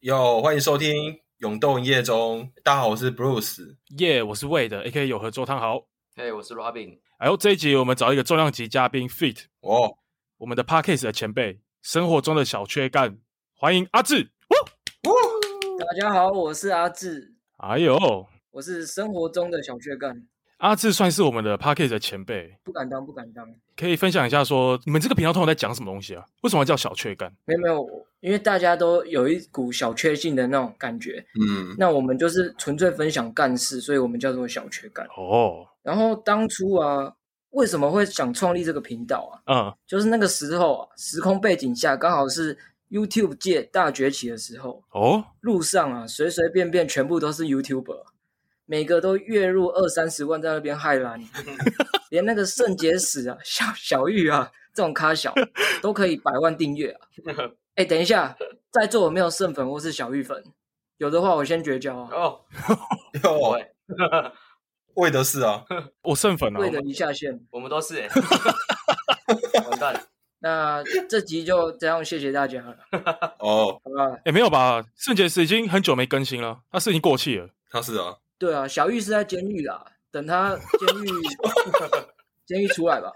Yo，歡迎收聽《永動夜中》，大家好，我是 Bruce，耶，yeah, 我是 Wade，AK 有合作湯豪，嘿、hey，我是 Robin，然後、哎、這一集我們找一個重量級嘉賓 Fit 哦，oh. 我們的 Podcast 的前輩，生活中的小確幹，歡迎阿智，哦哦，大家好，我是阿智，哎呦，我是生活中的小確幹。阿、啊、智算是我們的 podcast 的前輩，不敢當，不敢當。可以分享一下說，說你們這個頻道通常在講什麼東西啊？為什麼叫小確幹？沒有沒有，因為大家都有一股小確幸的那種感覺。嗯，那我們就是純粹分享幹事，所以我們叫做小確幹。哦。然後當初啊，為什麼會想創立這個頻道啊？嗯，就是那個時候，啊，時空背景下剛好是 YouTube 界大崛起的時候。哦。路上啊，隨隨便便全部都是 YouTuber。每個都月入二三十萬，在那邊海撈，連那個聖結石啊、小小玉啊這種咖小都可以百萬訂閱啊！哎、欸，等一下，在座有沒有聖粉或是小玉粉？有的話，我先絕交啊！哦、有哎、欸，為 的是啊，我聖粉啊，為的一下線，我們，我們都是、欸， 完蛋。那這集就這樣，謝謝大家了。哦，哎、欸，沒有吧？聖結石已經很久沒更新了，他是已經過氣了，他是啊。對啊，小玉是在監獄啦，等他監獄監獄出來吧，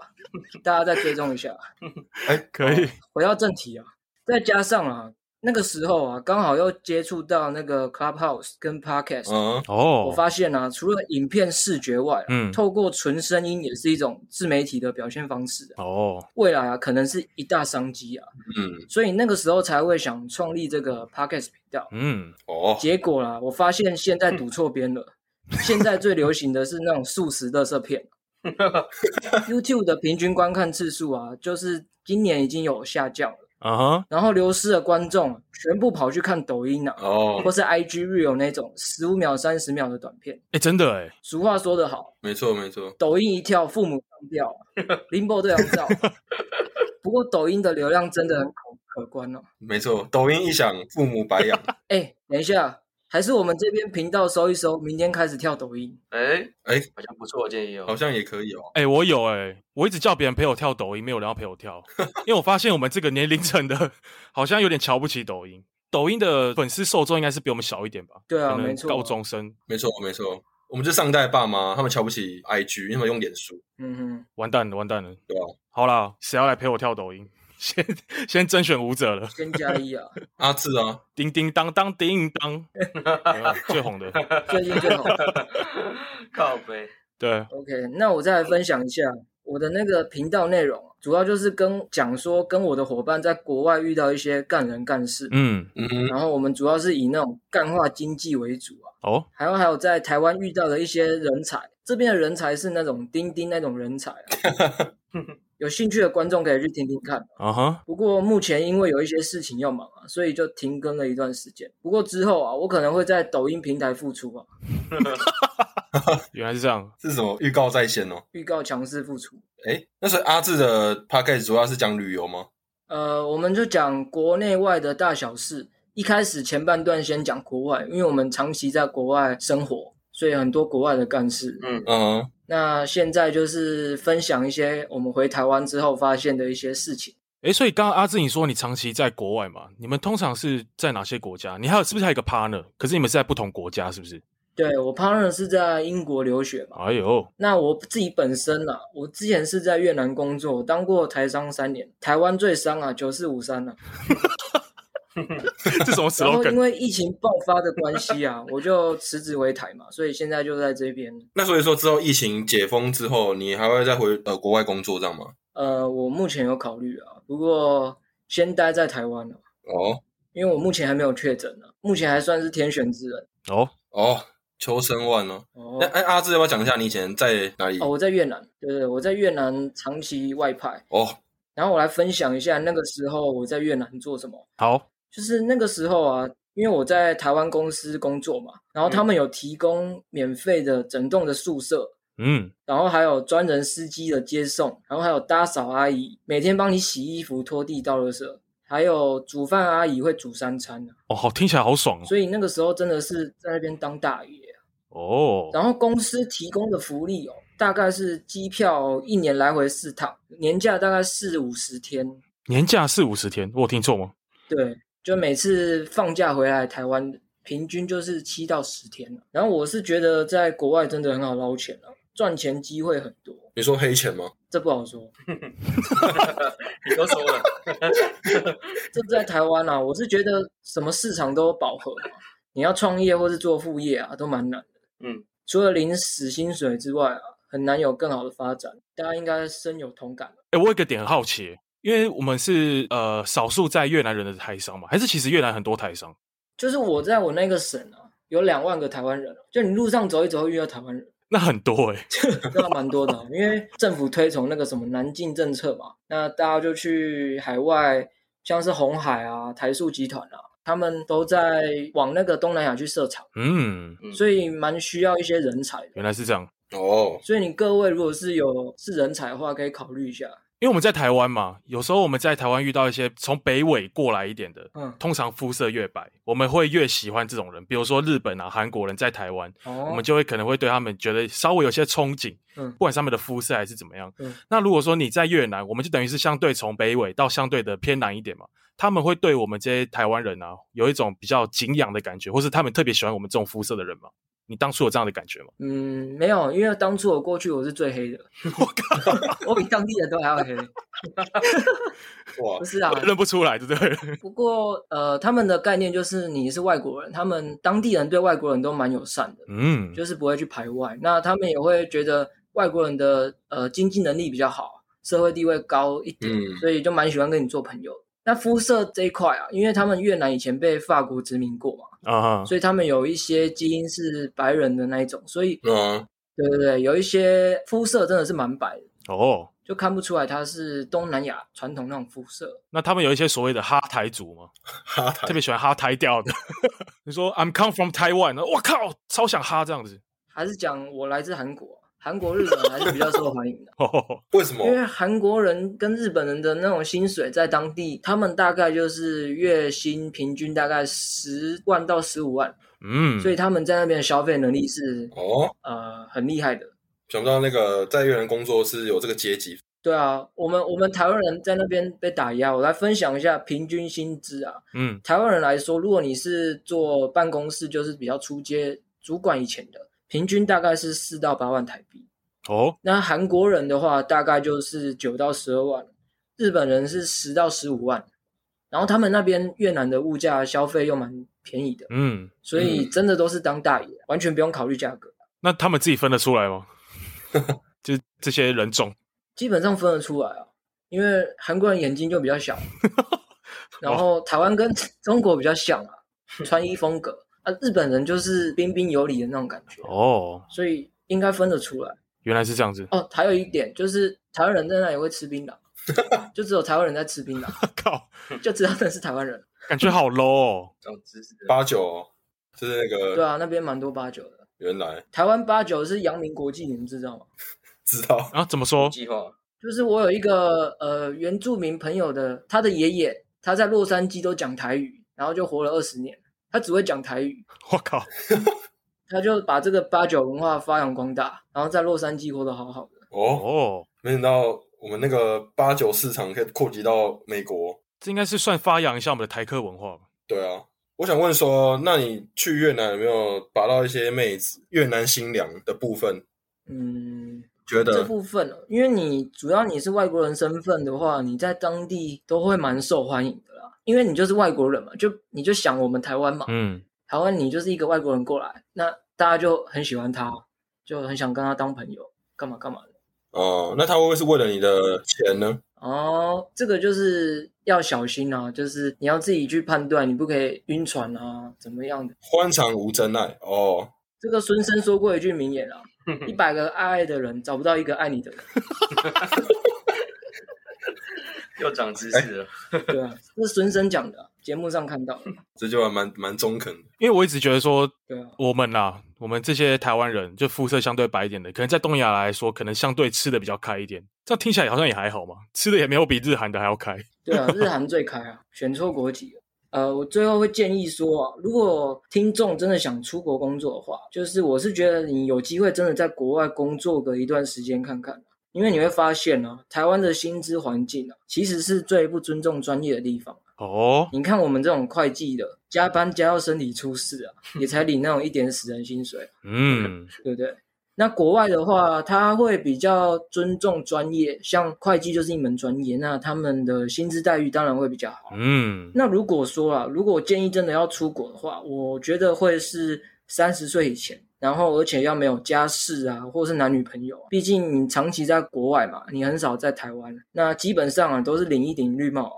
大家再追蹤一下。哎、欸，可以回到正題啊，再加上啊，那個時候啊，剛好又接觸到那個 Clubhouse 跟 Podcast，哦、嗯，我發現啊，除了影片視覺外、啊，嗯，透過純聲音也是一種自媒體的表現方式、啊、哦。未來啊，可能是一大商機啊，嗯，所以那個時候才會想創立這個 Podcast 頻道，嗯，哦、嗯，結果啦、啊，我發現現在賭錯邊了。嗯 現在最流行的是那種素食垃圾片 ，YouTube 的平均觀看次數啊，就是今年已經有下降了啊。Uh -huh. 然後流失的觀眾全部跑去看抖音啊，oh. 或是 IG Real 那種十五秒、三十秒的短片。哎、欸，真的、欸、俗話說得好，沒錯沒錯。抖音一跳，父母上吊、啊，林 波都要照、啊。 不過抖音的流量真的很可觀哦、啊。 沒錯，抖音一響，父母白養。哎、 欸，等一下。還是我們這邊頻道搜一搜，明天開始跳抖音。哎、欸、哎，好像不錯，建議哦，好像也可以哦。哎、欸，我有哎、欸，我一直叫別人陪我跳抖音，沒有人要陪我跳， 因為我發現我們這個年齡層的，好像有點瞧不起抖音。抖音的粉絲受眾應該是比我們小一點吧？對啊，沒錯，高中生。沒錯沒錯，我們這上代爸媽他們瞧不起 IG，因為他們用臉書。嗯哼，完蛋了，完蛋了。對啊，好啦，誰要來陪我跳抖音？先先甄選舞者了，先加一啊！ 阿智啊，叮叮噹噹，叮 噹、 哎，最紅的， 最近最紅的。靠背，對。OK，那我再來分享一下我的那個頻道內容，啊，主要就是跟講說跟我的夥伴在國外遇到一些幹人幹事，嗯，然後我們主要是以那種幹化經濟為主啊。哦，還有還有在台灣遇到的一些人才，這邊的人才是那種釘釘那種人才，啊。 有興趣的觀眾可以去聽聽看。啊哈！不過目前因為有一些事情要忙啊，所以就停更了一段時間。不過之後啊，我可能會在抖音平台復出啊。哈哈哈哈哈！原來是這樣，是什麼預告在先哦、喔？預告強勢復出。誒、欸、那是阿智的 Podcast 主要是講旅遊嗎？呃，我們就講國內外的大小事。一開始前半段先講國外，因為我們長期在國外生活，所以很多國外的幹事。嗯嗯。那現在就是分享一些我們回台灣之後發現的一些事情。哎，所以剛剛阿智你說你長期在國外嘛？你們通常是在哪些國家？你還有是不是還有一個 partner？可是你們是在不同國家，是不是？對，我 partner 是在英國留學嘛。哎呦，那我自己本身啊，我之前是在越南工作，我當過台商三年。台灣最商啊，九四五三啊。 這什麼？然後，因為疫情爆發的關係啊， 我就辭職回台嘛，所以現在就在這邊。那所以說之後疫情解封之後，你還會再回呃國外工作這樣嗎？呃，我目前有考慮啊，不過先待在台灣了，啊。哦，因為我目前還沒有確診呢，目前還算是天選之人。哦哦，秋生萬哦。那，欸、哎，阿志要不要講一下你以前在哪裡？哦，我在越南，對對，對，我在越南長期外派。哦，然後我來分享一下那個時候我在越南做什麼。好。就是那個時候啊，因為我在台灣公司工作嘛，然後他們有提供免費的整棟的宿舍，嗯，然後還有專人司機的接送，然後還有打掃阿姨每天幫你洗衣服、拖地、倒垃圾，還有煮飯阿姨會煮三餐。哦，好，聽起來好爽哦。所以那個時候真的是在那邊當大爺啊。哦。然後公司提供的福利哦，大概是機票一年來回四趟，年假大概四五十天。年假四五十天，我有聽錯嗎？對。就每次放假回來，台灣平均就是七到十天、啊、然後我是覺得在國外真的很好撈錢、啊、賺錢機會很多。你說黑錢嗎？這不好說。 你都說了，這 在台灣啊，我是覺得什麼市場都有飽和嘛，你要創業或是做副業啊，都蠻難的。嗯，除了領死薪水之外啊，很難有更好的發展。大家應該深有同感。哎、欸，我有一個點很好奇。因為我們是呃少數在越南人的台商嘛，還是其實越南很多台商？就是我在我那個省啊，有兩萬個台灣人、啊，就你路上走一走會遇到台灣人。那很多誒、欸，這 那還蠻多的、啊。 因為政府推崇那個什麼南進政策嘛，那大家就去海外，像是紅海啊、台塑集團啊，他們都在往那個東南亞去設廠。嗯，所以蠻需要一些人才的。原來是這樣哦，oh. 所以你各位如果是有是人才的話，可以考慮一下。因為我們在台灣嘛，有時候我們在台灣遇到一些從北緯過來一點的，嗯，通常膚色越白，我們會越喜歡這種人。比如說日本啊、韓國人在台灣，哦、我們就會可能會對他們覺得稍微有些憧憬，嗯、不管是他們的膚色還是怎麼樣、嗯。那如果說你在越南，我們就等於是相對從北緯到相對的偏南一點嘛，他們會對我們這些台灣人啊有一種比較敬仰的感覺，或是他們特別喜歡我們這種膚色的人嘛？你當初有這樣的感覺嗎？嗯，沒有，因為當初我過去我是最黑的，我 我比當地人都還要黑， 哇， 不是啊，認不出來，對不對？不過呃，他們的概念就是你是外國人，他們當地人對外國人都蠻友善的，嗯，就是不會去排外，那他們也會覺得外國人的呃經濟能力比較好，社會地位高一點，嗯、所以就蠻喜歡跟你做朋友。那膚色這一塊啊，因為他們越南以前被法國殖民過嘛，啊、uh -huh.，所以他們有一些基因是白人的那一種，所以，uh -huh. 對對對，有一些膚色真的是蠻白的哦，oh. 就看不出來他是東南亞傳統那種膚色。那他們有一些所謂的哈台族嗎？哈台特別喜歡哈台調的， 你說 I'm come from Taiwan，我靠，超想哈這樣子，還是講我來自韓國。韓 國、日本還是比較受歡迎的。為什麼？因為韓國人跟日本人的那種薪水在當地，他們大概就是月薪平均大概十萬到十五萬。嗯，所以他們在那邊的消費能力是哦，呃，很厲害的。想不到那個在越南工作是有這個階級。對啊，我們我們台灣人在那邊被打壓。我來分享一下平均薪資啊。嗯，台灣人來說，如果你是做辦公室，就是比較初階，主管以前的。平均大概是四到八萬台幣哦，那韓國人的話大概就是九到十二萬，日本人是十到十五萬，然後他們那邊越南的物價消費又蠻便宜的，嗯，所以真的都是當大爺，嗯，完全不用考慮價格。那他們自己分得出來嗎？ 就這些人種，基本上分得出來啊，因為韓國人眼睛就比較小， 然後台灣跟中國比較像啊，哦，穿衣風格。啊，日本人就是彬彬有禮的那種感覺哦，oh. 所以應該分得出來。原來是這樣子哦。還有一點就是，台灣人在那也會吃檳榔。哈哈，就只有台灣人在吃檳榔，靠， 就知道真是台灣人，感覺好 low 哦。八九就是那個對啊，那邊蠻多八九的。原來台灣八九是陽明國際，你們知道嗎？ 知道然後、啊、怎麼說？計劃就是我有一個呃原住民朋友的，他的爺爺他在洛杉磯都講台語，然後就活了二十年。他只會講台語，我靠！他就把這個八九文化發揚光大，然後在洛杉磯過得好好的。哦哦，沒想到我們那個八九市場可以擴及到美國，這應該是算發揚一下我們的台客文化吧？對啊，我想問說，那你去越南有沒有拔到一些妹子，越南新娘的部分？嗯。覺得這部分，因為你主要你是外國人身份的話，你在當地都會蠻受歡迎的啦，因為你就是外國人嘛，就你就想我們台灣嘛，嗯，台灣你就是一個外國人過來，那大家就很喜歡他，就很想跟他當朋友，幹嘛幹嘛的。哦，那他會不會是為了你的錢呢？哦，這個就是要小心啊，就是你要自己去判斷，你不可以暈船啊，怎麼樣的？歡場無真愛哦，這個孫生說過一句名言啊。一百個愛的人找不到一個愛你的人， 又長知識了。對啊，這是孫生講的，節目上看到。這句話蠻蠻中肯的，因為我一直覺得說，對啊，我們吶、啊，我們這些台灣人，就膚色相對白一點的，可能在東亞來說，可能相對吃的比較開一點。這樣聽起來好像也還好嘛，吃的也沒有比日韓的還要開。對啊，日韓最開啊， 選錯國籍。呃，我最後會建議說，啊，如果聽眾真的想出國工作的話，就是我是覺得你有機會真的在國外工作個一段時間看看、啊，因為你會發現呢、啊，台灣的薪資環境啊，其實是最不尊重專業的地方哦、啊。Oh. 你看我們這種會計的，加班加到身體出事啊，也才領那種一點死人薪水、啊，嗯、mm. 對不對？那國外的話，他會比較尊重專業，像會計就是一門專業，那他們的薪資待遇當然會比較好。嗯，那如果說啊，如果我建議真的要出國的話，我覺得會是三十歲以前，然後而且要沒有家室啊，或是男女朋友，啊，畢竟你長期在國外嘛，你很少在台灣，那基本上啊都是領一頂綠帽，啊。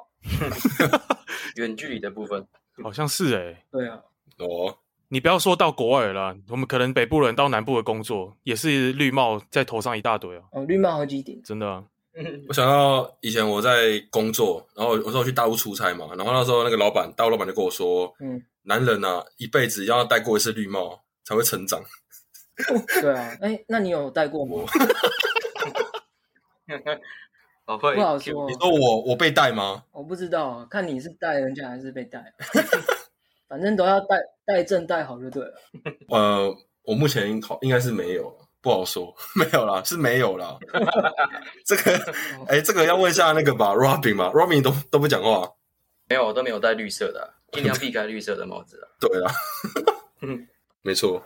遠 距離的部分，好像是誒、欸、對啊，哦，oh. 你不要說到國外了啦，我們可能北部人到南部的工作也是綠帽在頭上一大堆啊。哦，綠帽好幾頂，真的、啊、 我想到以前我在工作，然後我說我去大陸出差嘛，然後那時候那個老闆大陸老闆就跟我說：“嗯，男人啊，一輩子要戴過一次綠帽才會成長。嗯” 對啊，哎、欸，那你有戴過嗎？ 老不好說你說我我被戴嗎？ 我不知道，看你是戴人家還是被戴。 反正都要戴戴正戴好就對了。呃，我目前應應該是沒有，不好說，沒有啦，是沒有啦。 這個、欸，這個要問一下那個吧，Robin 嗎 r o b i n 都都不講話。沒有，我都沒有戴綠色的、啊，盡量避開綠色的帽子。對啊， 對啦 嗯，沒錯，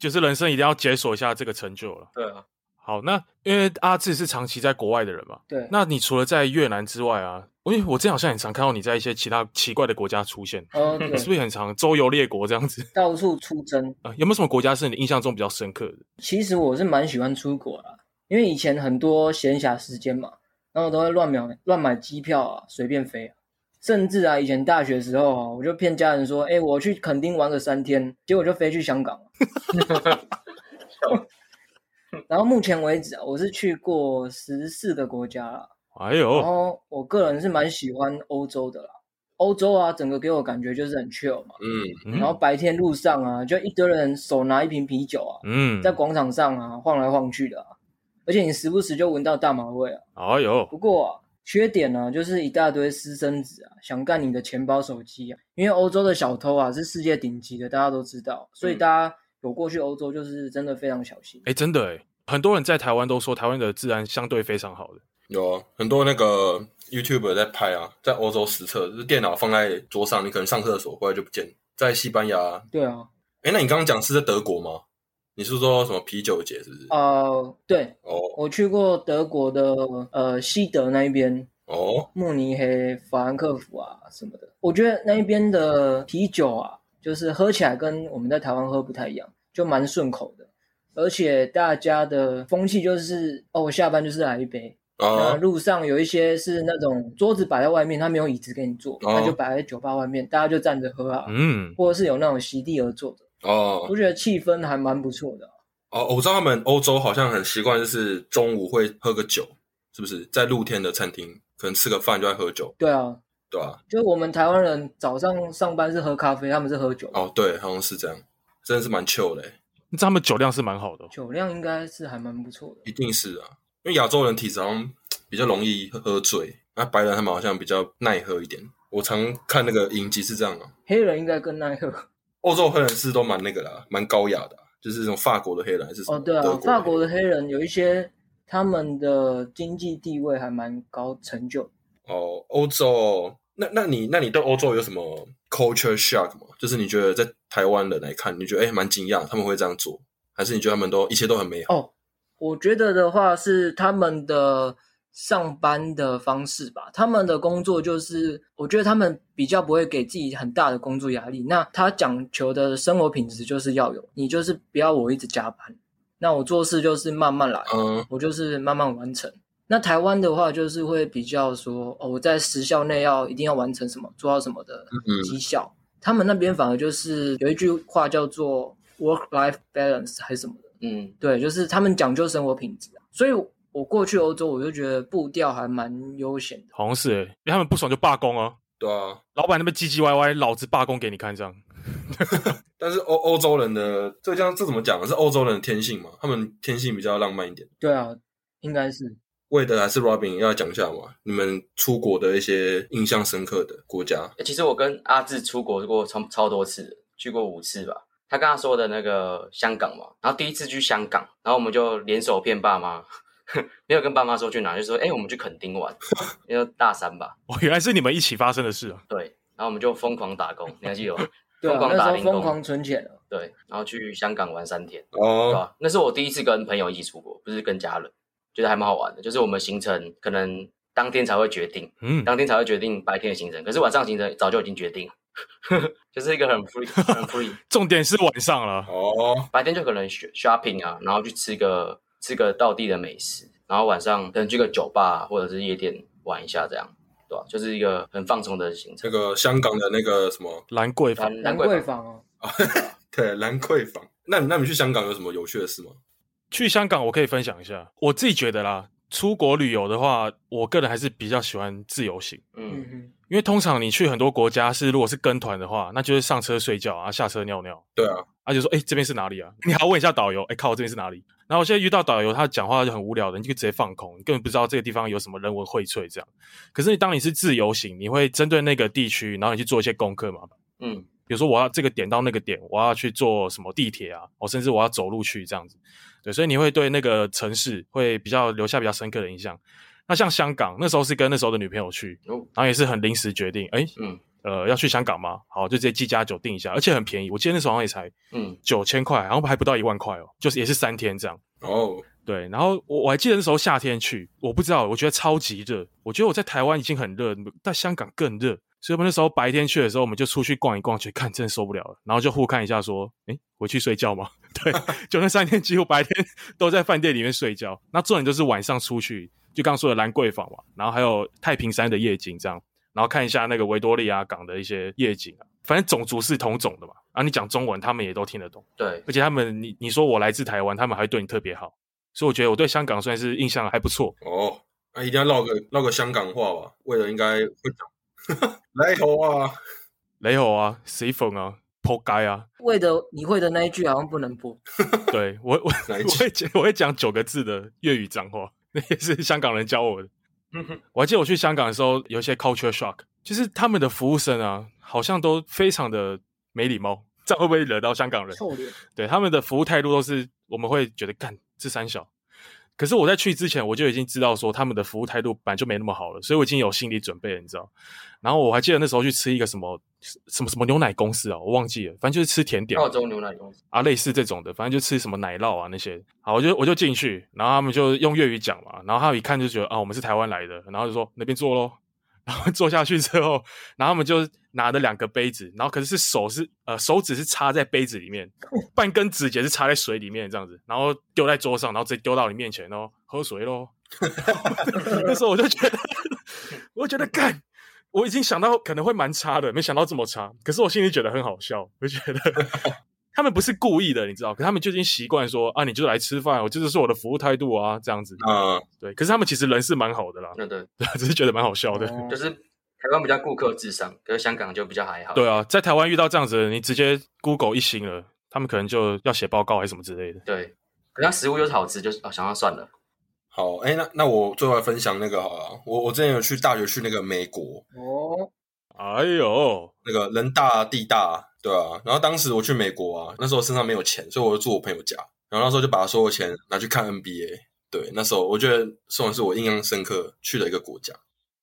就是人生一定要解鎖一下這個成就了。對啊。好，那因為阿智是長期在國外的人嘛，對。那你除了在越南之外啊，因為我真好像很常看到你在一些其他奇怪的國家出現，哦、對，是不是很常周遊列國這樣子，到處出征啊？有沒有什麼國家是你的印象中比較深刻的？其實我是蠻喜歡出國的啦，因為以前很多閒暇時間嘛，然後都會亂秒亂買機票啊，隨便飛、啊，甚至啊，以前大學的時候啊，我就騙家人說：“哎、欸，我去墾丁玩個三天。”結果就飛去香港了。 然後目前為止啊，我是去過十四個國家啦哎呦！然後我個人是蠻喜歡歐洲的啦，歐洲啊，整個給我感覺就是很 chill 嘛，嗯，嗯，然後白天路上啊，就一堆人手拿一瓶啤酒啊，嗯，在廣場上啊晃來晃去的、啊，而且你時不時就聞到大麻味啊，哎呦。不過、啊、缺點呢、啊，就是一大堆私生子啊，想幹你的錢包、手機啊，因為歐洲的小偷啊是世界頂級的，大家都知道，所以大家有過去歐洲就是真的非常小心。哎，真的哎、欸。很多人在台灣都說台灣的治安相對非常好的。有啊，很多那個 YouTuber 在拍啊，在歐洲實測，就是電腦放在桌上，你可能上廁所過來就不見。在西班牙，啊，對啊。哎、欸，那你剛剛講是在德國嗎？你是，不是說什麼啤酒節是不是？哦、uh,，對，哦、oh.，我去過德國的呃西德那一邊，哦、oh.，慕尼黑、法蘭克福啊什麼的。我覺得那一邊的啤酒啊，就是喝起來跟我們在台灣喝不太一樣，就蠻順口的。而且大家的風氣就是，哦，我下班就是來一杯。那、哦、路上有一些是那種桌子擺在外面，他沒有椅子給你坐，哦、他就擺在酒吧外面，大家就站着喝啊。嗯。或者是有那種席地而坐的。哦。我覺得氣氛還蠻不錯的。哦，哦我知道他們，歐洲好像很習慣就是中午會喝個酒，是不是？在露天的餐廳可能吃個飯就會喝酒。對啊。對啊，就是我們台灣人早上上班是喝咖啡，他們是喝酒。哦，對，好像是這樣，真的是蠻 chill 的欸。他們酒量是蠻好的，酒量應該是還蠻不錯的，一定是啊。因為亞洲人體質上比較容易喝醉，那、啊、白人他們好像比較耐喝一點。我常看那個影集是這樣啊。黑人應該更耐喝。歐洲黑人是都蠻那個啦，蠻高雅的、啊，就是那種法國的黑人，還是什麼？哦，對啊，法國的黑人有一些他們的經濟地位還蠻高，成就哦。歐洲，那那你那你對歐洲有什麼 culture shock 嗎？就是你覺得在台灣人來看，你覺得哎，蠻驚訝他們會這樣做，還是你覺得他們都一切都很美好？哦、oh,，我覺得的話是他們的上班的方式吧。他們的工作就是，我覺得他們比較不會給自己很大的工作壓力。那他講求的生活品質就是要有，你就是不要我一直加班，那我做事就是慢慢來，嗯、uh...，我就是慢慢完成。那台灣的話就是會比較說，哦，我在時效內要一定要完成什麼，做到什麼的績效。Mm-hmm. 他們那邊反而就是有一句話叫做 “work-life balance” 還是什麼的，嗯，對，就是他們講究生活品質啊。所以，我過去歐洲，我就覺得步調還蠻悠閒的。好像是欸，因為他們不爽就罷工啊。對啊，老闆那邊唧唧歪歪，老子罷工給你看，這樣。 但是歐歐洲人的這樣這怎麼講？是歐洲人的天性嘛，他們天性比較浪漫一點。對啊，應該是。為的還是 Robin 要講一下嘛？你們出國的一些印象深刻的國家。其實我跟阿智出國過超超多次，去過五次吧。他剛剛說的那個香港嘛，然後第一次去香港，然後我們就聯手騙爸媽，沒有跟爸媽說去哪，就說哎、欸，我們去墾丁玩。因 為大三吧，哦，原來是你們一起發生的事啊。對，然後我們就瘋狂打工，你還記得嗎？瘋 狂打零工，瘋狂存錢哦。 對，然後去香港玩三天哦對，那是我第一次跟朋友一起出國，不是跟家人。覺得還蠻好玩的，就是我們行程可能當天才會決定，嗯，當天才會決定白天的行程，可是晚上行程早就已經決定了 就是一個很 free 很 free，重點是晚上了哦，白天就可能 shopping 啊，然後去吃個吃個道地的美食，然後晚上可能去個酒吧或者是夜店玩一下這樣，對吧、啊？就是一個很放鬆的行程。那個香港的那個什麼蘭桂坊，蘭桂坊哦，坊啊， 對，蘭桂坊。那你那你去香港有什麼有趣的事嗎？去香港我可以分享一下，我自己覺得啦，出國旅遊的話，我個人還是比較喜歡自由行，嗯，因為通常你去很多國家是如果是跟團的話，那就是上車睡覺啊，下車尿尿，對啊，而、啊、且說誒這邊是哪裡啊？你還問一下導遊，看靠，這邊是哪裡？然後我現在遇到導遊，他講話就很無聊的，你就直接放空，你根本不知道這個地方有什麼人文薈萃這樣。可是你當你是自由行，你會針對那個地區，然後你去做一些功課嘛，嗯，比如說我要這個點到那個點，我要去坐什麼地鐵啊，我、哦、甚至我要走路去這樣子。對，所以你會對那個城市會比較留下比較深刻的印象。那像香港，那時候是跟那時候的女朋友去，哦、然後也是很臨時決定，哎，嗯，呃，要去香港嗎？好，就直接機加酒訂一下，而且很便宜，我記得那時候好像也才嗯九千塊，然、嗯、後還不到一萬塊哦，就是也是三天這樣。哦，對，然後我我還記得那時候夏天去，我不知道，我覺得超級熱，我覺得我在台灣已經很熱，但香港更熱，所以我們那時候白天去的時候，我們就出去逛一逛，去看，真的受不了了，然後就互看一下說，哎，回去睡覺嗎？ 對，就那三天幾乎白天都在飯店裡面睡覺，那重點就是晚上出去，就剛剛說的蘭桂坊嘛，然後還有太平山的夜景，這樣，然後看一下那個維多利亞港的一些夜景啊，反正種族是同種的嘛，啊，你講中文他們也都聽得懂。對，而且他們你你說我來自台灣，他們還對你特別好，所以我覺得我對香港算是印象還不錯哦，那、啊、一定要烙個烙個香港話吧，為了應該會講，雷 猴啊，雷猴啊 s t 啊。撲街啊！為的，你會的那一句好像不能播。 對我，我我會講我會講九個字的粵語髒話，那也是香港人教我的，嗯。我還記得我去香港的時候，有一些 culture shock，就是他們的服務生啊，好像都非常的沒禮貌，這樣會不會惹到香港人？臭臉。對他們的服務態度都是，我們會覺得幹是三小。可是我在去之前，我就已經知道說他們的服務態度本來就沒那麼好了，所以我已經有心理準備了，你知道。然後我還記得那時候去吃一個什麼什麼什麼牛奶公司啊，我忘記了，反正就是吃甜點。澳洲牛奶公司啊，類似這種的，反正就吃什麼奶酪啊那些。好，我就我就進去，然後他們就用粵語講嘛，然後他一看就覺得啊，我們是台灣來的，然後就說那邊坐咯。然後坐下去之後，然後他們就，拿着兩個杯子，然後可是手是呃手指是插在杯子裡面，半根指節是插在水裡面這樣子，然後丟在桌上，然後直接丟到你面前哦喝水嘍。 那時候我就覺得，我覺得幹，我已經想到可能會蠻差的，沒想到這麼差。可是我心裡覺得很好笑，我覺得 他們不是故意的，你知道？可他們就已經習慣說啊，你就來吃飯，我就是說我的服務態度啊這樣子啊、呃。對，可是他們其實人是蠻好的啦，對對，只是覺得蠻好笑的，嗯 就是台灣比較顧客至上，可是香港就比較還好。對啊，在台灣遇到這樣子的，你直接 Google 一星了，他們可能就要寫報告還是什麼之類的。對，可是食物又是好吃，就是、哦、想要算了。好，欸、那那我最後來分享那個好了，我我之前有去大學去那個美國。哦，哎呦，那個人大地大，對啊。然後當時我去美國啊，那時候身上沒有錢，所以我就住我朋友家。然後那時候就把所有錢拿去看 NBA。對，那時候我覺得算是我印象深刻去的一個國家。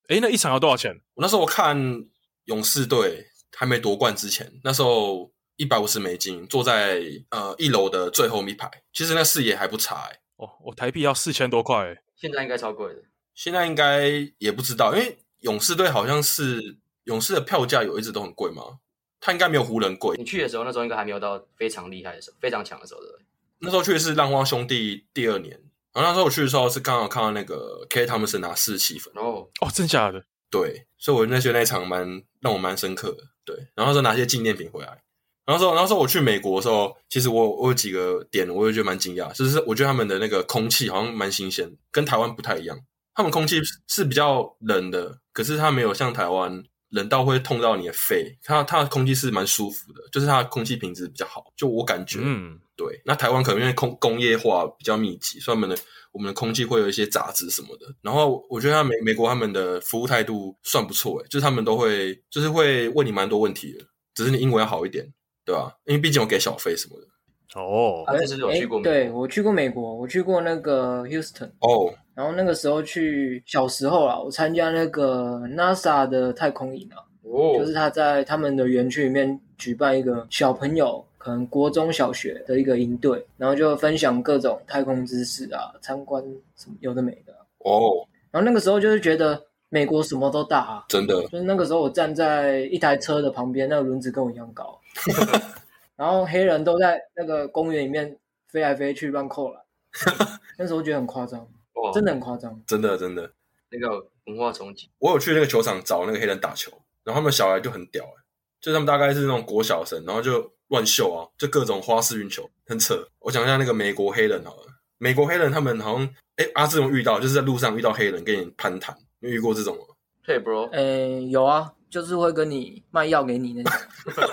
誒，那一場要多少錢？我那時候我看勇士隊還沒奪冠之前，那時候一百五十美金，坐在呃一樓的最後一排，其實那視野還不差。哎，哦，我台幣要四千多塊誒，現在應該超貴的。現在應該也不知道，因為勇士隊好像是勇士的票價有一直都很貴嗎？他應該沒有湖人貴。你去的時候那時候應該還沒有到非常厲害的時候，非常強的時候對不對？那時候去的是浪花兄弟第二年。然後那時候我去的時候，是剛好看到那個 K 他們是拿四七分。哦、哦，真假的，對，所以我覺得，那場蠻讓我蠻深刻的，對。然後就拿一些紀念品回來，然後說，然後說我去美國的時候，其實我我有幾個點，我也覺得蠻驚訝，就是我覺得他們的那個空氣好像蠻新鮮，跟台灣不太一樣。他們空氣是比較冷的，可是它沒有像台灣。冷到會痛到你的肺，它它的空氣是蠻舒服的，就是它的空氣品質比較好。就我感覺，嗯，對。那台灣可能因為空工業化比較密集，所以他們的我們的空氣會有一些雜質什麼的。然後我覺得他美美國他們的服務態度算不錯哎，就是他們都會就是會問你蠻多問題的，只是你英文要好一點，對吧？因為畢竟我給小費什麼的。哦，哎、啊，我去過、欸欸，對，我去過美國，我去過那個 Houston。哦、oh. 然後那個時候去小時候啊，我參加那個 NASA 的太空營啊，oh. 就是他在他們的園區裡面舉辦一個小朋友可能國中小學的一個營隊，然後就分享各種太空知識啊，參觀什麼有的沒的哦、啊。Oh. 然後那個時候就是覺得美國什麼都大啊，真的。就是那個時候我站在一台車的旁邊，那個輪子跟我一樣高， 然後黑人都在那個公園裡面飛來飛去亂扣籃哈。 那時候我覺得很誇張。真的很誇張，真的真的，那個文化衝擊。我有去那個球場找那個黑人打球，然後他們小孩就很屌、欸、就他們大概是那種國小學生，然後就亂秀啊，就各種花式運球，很扯。我講一下那個美國黑人好了，美國黑人他們好像，哎、欸，阿智有遇到，就是在路上遇到黑人跟你攀談，你遇過這種嗎？嘿、hey、bro，哎、欸，有啊，就是會跟你賣藥給你那種。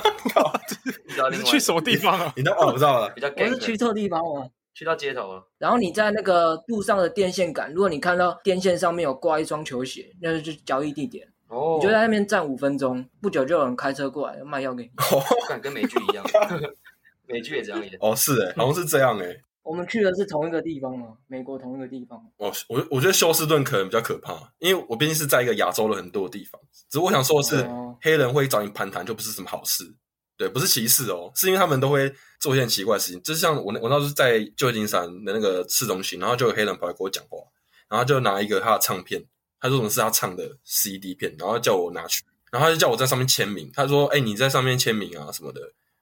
你是去什麼地方啊？ 你都、哦、 我不知道了。我是去錯地方了。去到街頭了，然後你在那個路上的電線桿，如果你看到電線上面有掛一雙球鞋，那就是交易地點哦，你就在那邊站五分鐘，不久就有人開車過來了賣藥給你。哦，不敢跟美劇一樣， 美劇也這樣演哦，是哎、欸，好像是這樣哎、欸嗯。我們去的是同一個地方嗎？美國同一個地方？哦，我我覺得休斯頓可能比較可怕，因為我畢竟是在一個亞洲的很多的地方。只是我想說的是，黑人會找你攀談，就不是什麼好事。哦對，不是歧視哦，是因為他們都會做一件奇怪的事情，就像我那我那時候在舊金山的那個市中心，然後就有黑人跑來跟我講話，然後就拿一個他的唱片，他說什麼是他唱的 CD 片，然後叫我拿去，然後他就叫我在上面簽名，他說哎，你在上面簽名啊什麼的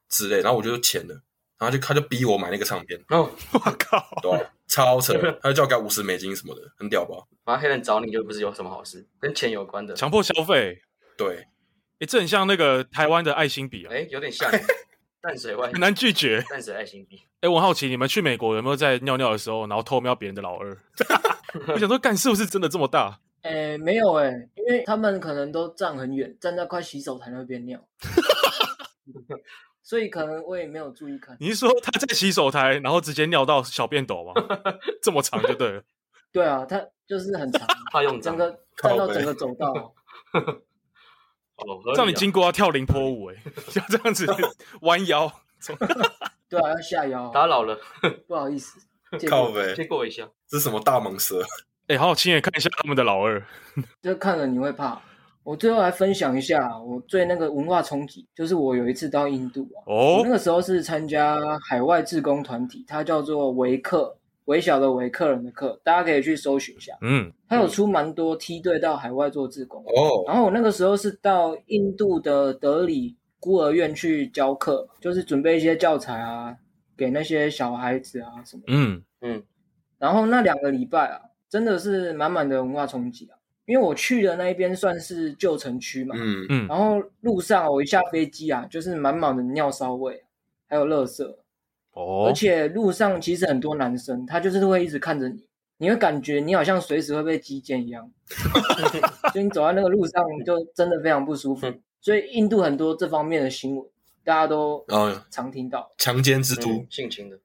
之類的，然後我就簽了，然後他就他就逼我買那個唱片，然後我靠，對、啊，超扯，他就叫我給五十美金什麼的，很屌吧？然後黑人找你就不是有什麼好事，跟錢有關的，強迫消費，對。哎，這很像那個台灣的愛心筆、啊、有點像誒淡水灣，很難拒絕淡水愛心筆。哎，我好奇你們去美國有沒有在尿尿的時候，然後偷瞄別人的老二？ 我想說，幹是不是真的這麼大？哎，沒有哎、欸，因為他們可能都站很遠，站在快塊洗手台那邊尿， 所以可能我也沒有注意看。你是說他在洗手台，然後直接尿到小便斗嗎？ 這麼長就對了。對啊，他就是很長，他用整個站到整個走道。 叫你經過要跳凌波舞、欸、哎，要 這樣子彎腰。對啊，要下腰，打擾擾了，不好意思，借過哎，借過一下。這是什麼大蟒蛇？哎，好好親眼看一下他們的老二。這 看了你會怕。我最後來分享一下我最那個文化衝擊，就是我有一次到印度哦、啊，我、oh? 那個時候是參加海外志工團體，它叫做維克。微小的微客人的課，大家可以去搜尋一下。嗯，他有出蠻多梯隊到海外做志工哦、嗯。然後我那個時候是到印度的德里孤兒院去教課，就是準備一些教材啊，給那些小孩子啊什麼的。嗯嗯。然後那兩個禮拜啊，真的是滿滿的文化衝擊啊，因為我去的那一邊算是舊城區嘛。嗯嗯。然後路上我一下飛機啊，就是滿滿的尿騷味、啊，還有垃圾。而且路上其實很多男生，他就是會一直看着你，你會感覺你好像隨時會被強姦一樣， 所以你走在那個路上，你就真的非常不舒服、嗯。所以印度很多這方面的新聞，大家都常聽到、哦、強姦之都、嗯、性侵的。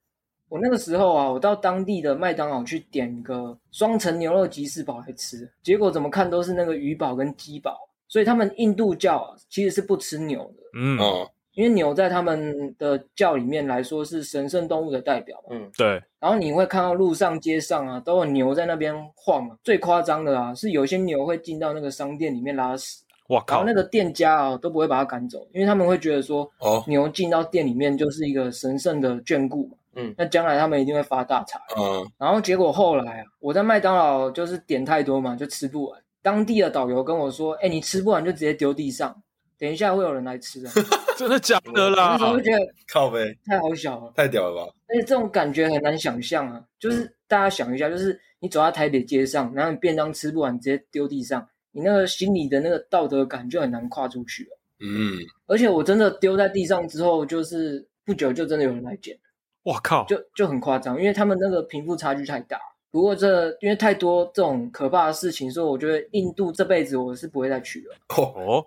我那個時候啊，我到當地的麥當勞去點個雙層牛肉吉士堡來吃，結果怎麼看都是那個魚堡跟雞堡，所以他們印度教、啊、其實是不吃牛的。嗯、哦。哦因為牛在他們的教裡面來說是神聖動物的代表嘛。嗯，對。然後你會看到路上、街上啊，都有牛在那邊晃。最誇張的啊，是有些牛會進到那個商店裡面拉屎啊。哇靠！然後那個店家啊都不會把它趕走，因為他們會覺得說，哦，牛進到店裡面就是一個神聖的眷顧嘛。嗯，那將來他們一定會發大財。嗯。然後結果後來啊，我在麥當勞就是點太多嘛，就吃不完。當地的導遊跟我說，哎，你吃不完就直接丟地上。等一下，會有人來吃的啊， 真的假的啦？那時候就覺得靠唄，太好笑了，太屌了吧？而且這種感覺很難想象啊，就是大家想一下，就是你走到台北街上，然後你便當吃不完，直接丟地上，你那個心裡的那個道德感就很難跨出去了。嗯，而且我真的丟在地上之後，就是不久就真的有人來撿。哇靠，就就很誇張，因為他們那個貧富差距太大。不過這因為太多這種可怕的事情，所以我覺得印度這輩子我是不會再去了。哦哦，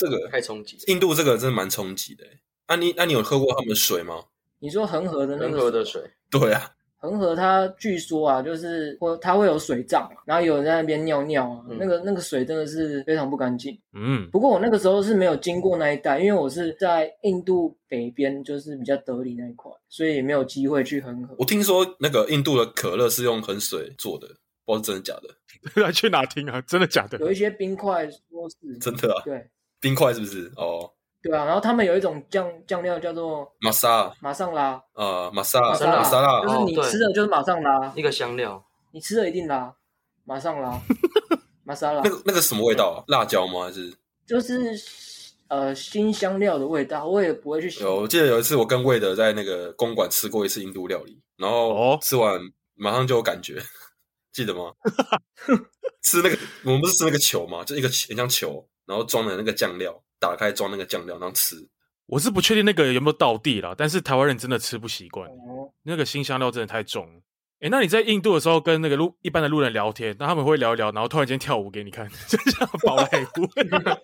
這個太衝擊，印度這個真的蠻衝擊的。那、啊、你那、啊、你有喝過他們水嗎？你說恆河的那個恆河的水？對啊，恆河它據說啊，就是會它會有水葬，然後有人在那邊尿尿啊，嗯、那個那個水真的是非常不乾淨。嗯，不過我那個時候是沒有經過那一帶，因為我是在印度北邊，就是比較德里那一塊，所以也沒有機會去恆河。我聽說那個印度的可樂是用恆水做的，不知道是真的假的。 去哪聽啊？真的假的？有一些冰塊說是真的啊，對。冰塊是不是？哦、oh.，對啊。然後他們有一種醬醬料叫做瑪莎，馬上拉啊，瑪莎拉、瑪莎拉，就是你吃的，就是馬上拉那，oh, 個香料，你吃了一定拉，馬上拉，瑪莎拉。那個那個什麼味道啊？辣椒嗎？還是就是呃辛香料的味道？我也不會去想。我記得有一次我跟魏德，在那個公館吃過一次印度料理，然後吃完，oh. 馬上就有感覺， 記得嗎？ 吃那個我們不是吃那個球嗎？就一個很像球。然後裝的那個醬料，打開裝那個醬料，然後吃。我是不確定那個有沒有道地了，但是台灣人真的吃不習慣，哦、那個辛香料真的太重了。哎，那你在印度的時候跟那個路一般的路人聊天，那他們會聊一聊，然後突然間跳舞給你看，這叫寶萊塢？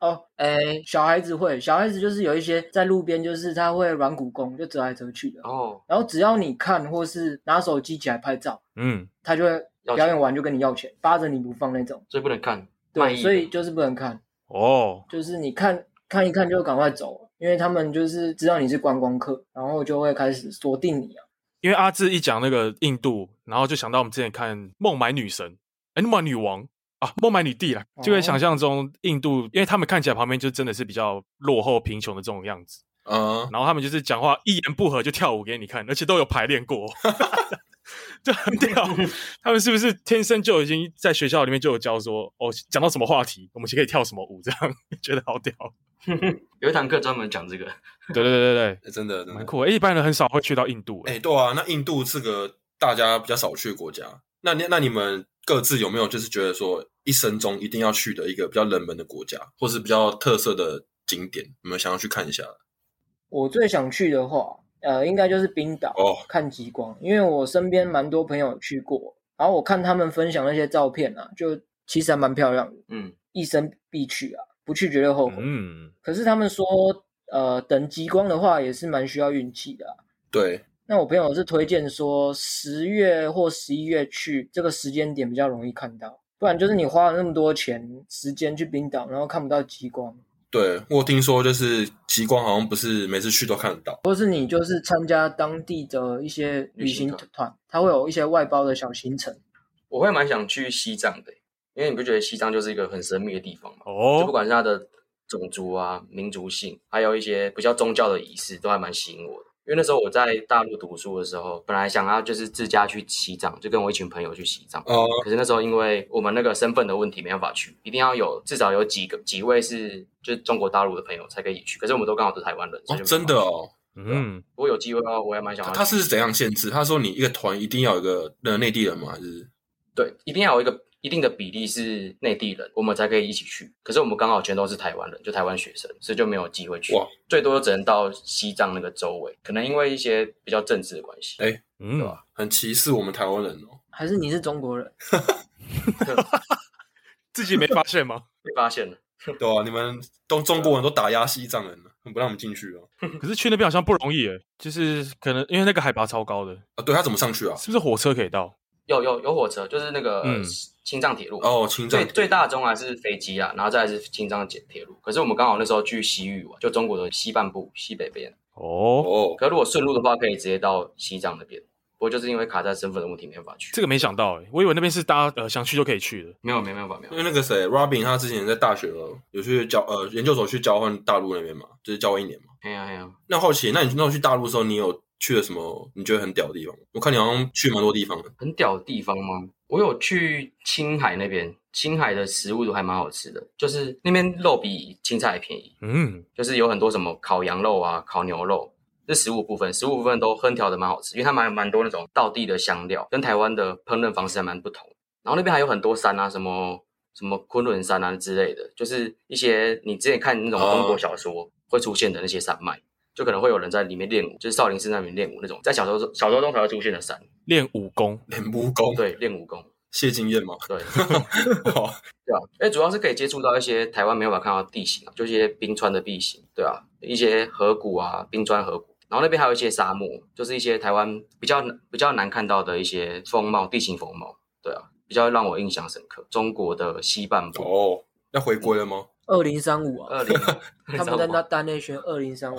哦，哎、 嗯哦，小孩子會，小孩子就是有一些在路邊，就是他會軟骨功，就折來折去的。哦。然後只要你看或是拿手機起來拍照，嗯，他就會表演完就跟你要錢，扒着你不放那種。所以不能看。對，所以就是不能看。哦、oh.，就是你看看一看就趕快走，因為他們就是知道你是觀光客，然後就會開始鎖定你啊。因為阿志一講那個印度，然後就想到我們之前看孟買女神，哎，孟、欸、買女王啊，孟買女帝啦，oh. 就會想象中印度，因為他們看起來旁邊就真的是比較落後貧窮的這種樣子嗯，oh. 然後他們就是講話一言不合就跳舞給你看，而且都有排練過。 就 很屌， 他們是不是天生就已經在學校裡面就有教說，哦，講到什麼話題，我們就可以跳什麼舞？這樣覺得好屌。 有一堂課專門講這個。對 對對對對，欸、真的蠻酷的、欸。一般人很少會去到印度、欸。哎、欸，對啊，那印度是個大家比較少去的國家。那那你們各自有沒有就是覺得說一生中一定要去的一個比較冷門的國家，或是比較特色的景點，有沒有想要去看一下？我最想去的話。呃，應該就是冰島，oh. 看極光，因為我身邊蠻多朋友去過，然後我看他們分享那些照片啊，就其實還蠻漂亮的，嗯、mm.，一生必去啊，不去絕對後悔，嗯、mm.，可是他們說，呃，等極光的話也是蠻需要運氣的、啊，對，那我朋友是推薦說十月或十一月去，這個時間點比較容易看到，不然就是你花了那麼多錢時間去冰島，然後看不到極光。對，我聽說就是極光，好像不是每次去都看得到。或是你就是參加當地的一些旅行團，它會有一些外包的小行程。我會蠻想去西藏的，因為你不覺得西藏就是一個很神秘的地方嗎？哦、oh.，就不管是它的種族啊、民族性，還有一些比較宗教的儀式，都還蠻吸引我的。因為那時候我在大陸讀書的時候，本來想要就是自駕，去西藏，就跟我一群朋友去西藏。哦，可是那時候因為我們那個身份的問題，沒辦法去，一定要有至少有幾個幾位是就是中國大陸的朋友才可以去。可是我們都剛好都是台灣人所以。哦，真的哦，啊、嗯。如果有機會的話，我，我也蠻想。他是怎樣限制？他說，你一個團一定要有一個那個內地人嗎？還是，是對，一定要有一個。一定的比例是內地人，我們才可以一起去。可是我們剛好全都是台灣人，就台灣學生，所以就沒有機會去。最多只能到西藏那個周圍，可能因為一些比較政治的關係。哎、欸嗯，對吧、啊？很歧視我們台灣人哦。還是你是中國人？ 自己沒發現嗎？ 沒發現。對啊，你們都中國人都打壓西藏人，很不讓我們進去哦。 可是去那邊好像不容易，就是可能因為那個海拔超高的啊。對，他怎麼上去啊？是不是火車可以到？有有有火車，就是那個、嗯、青藏鐵路哦，oh, 青藏最最大宗還是飛機啊，然後再來是青藏鐵鐵路。可是我們剛好那時候去西域玩，就中國的西半部、西北邊。哦哦，可如果順路的話，可以直接到西藏那邊。不過就是因為卡在身份的問題，沒有辦法去。這個沒想到、欸，我以為那邊是大家呃想去就可以去的。沒有沒有辦法沒有沒有，因為那個誰，Robin 他之前在大學了有去交呃研究所去交換大陸那邊嘛，就是交換一年嘛。哎呀哎呀，那好奇，那你那去大陸的時候，你有？去了什麼？你覺得很屌的地方？我看你好像去蠻多地方的。很屌的地方嗎？我有去青海那邊，青海的食物都還蠻好吃的，就是那邊肉比青菜還便宜。嗯，就是有很多什麼烤羊肉啊、烤牛肉，這食物部分，食物部分都烹調的蠻好吃，因為它蠻蠻多那種道地的香料，跟台灣的烹飪方式還蠻不同。然後那邊還有很多山啊，什麼什麼昆崙山啊之類的，就是一些你之前看那種中國小說會出現的那些山脈。哦就可能會有人在裡面練武，就是少林寺那邊練武那種，在小說中、小說中才會出現的山，練武功，練武功，對，練武功，謝金燕嘛，對、 哦，對啊，哎，主要是可以接觸到一些台灣沒有辦法看到的地形、啊、就一些冰川的地形，對啊，一些河谷啊，冰川河谷，然後那邊還有一些沙漠，就是一些台灣比較、比較難、比較難看到的一些風貌、地形風貌，對啊，比較讓我印象深刻，中國的西半部哦，要回歸了嗎？嗯二零三五啊，二 零他們在那大內宣，二零三五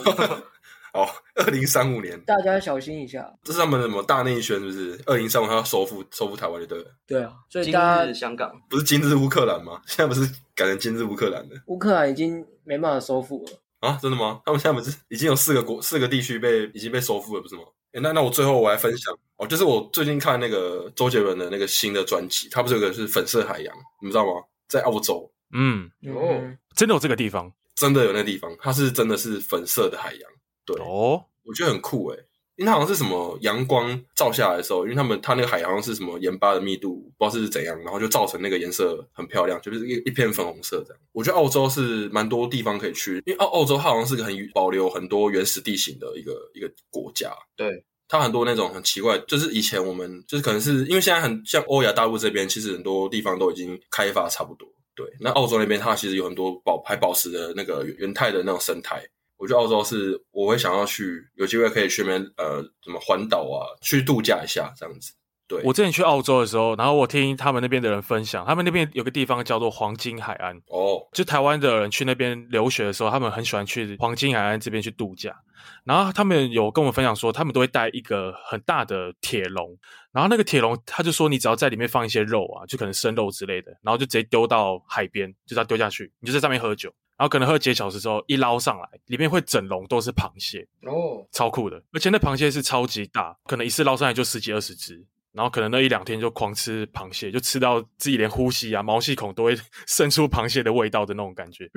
哦，二零三五年，大家小心一下，這是他們什麼大內宣？是不是二零三五他要收復收復台灣就對了？對啊，所以大家。今日香港不是今日烏克蘭嗎？現在不是改成今日烏克蘭的，烏克蘭已經沒辦法收復了。啊，真的嗎？他們現在不是已經有四個國四個地區被已經被收復了，不是嗎？哎、欸，那那我最後我來分享哦，就是我最近看那個周杰倫的那個新的專輯，他不是有個是粉色海洋，你們知道嗎？在澳洲。嗯，有、嗯、真的有這個地方，真的有那個地方，它是真的是粉色的海洋。對哦，我覺得很酷誒、欸，因為它好像是什麼陽光照下來的時候，因為他們它那個海洋是什麼鹽巴的密度不知道是怎樣，然後就造成那個顏色很漂亮，就是一一片粉紅色這樣。我覺得澳洲是蠻多地方可以去，因為澳澳洲它好像是個很保留很多原始地形的一個一個國家。對，它很多那種很奇怪，就是以前我們就是可能是因為現在很像歐亞大陸這邊，其實很多地方都已經開發差不多。對，那澳洲那邊，它其實有很多寶還保持著那個原原態的那種生態。我覺得澳洲是我會想要去，有機會可以去那邊呃，什麼環島啊，去度假一下這樣子。對。我之前去澳洲的時候，然後我聽他們那邊的人分享，他們那邊有個地方叫做黃金海岸。哦、oh.，就台灣的人去那邊留學的時候，他們很喜歡去黃金海岸這邊去度假。然後他們有跟我分享說，他們都會帶一個很大的鐵籠。然後那個鐵籠，他就說你只要在裡面放一些肉啊，就可能生肉之類的，然後就直接丟到海邊，就這樣丟下去。你就在上面喝酒，然後可能喝幾個小時之後，一撈上來，裡面會整籠都是螃蟹哦，超酷的。而且那螃蟹是超級大，可能一次撈上來就十幾二十隻。然後可能那一兩天就狂吃螃蟹，就吃到自己連呼吸啊、毛細孔都會滲出螃蟹的味道的那種感覺，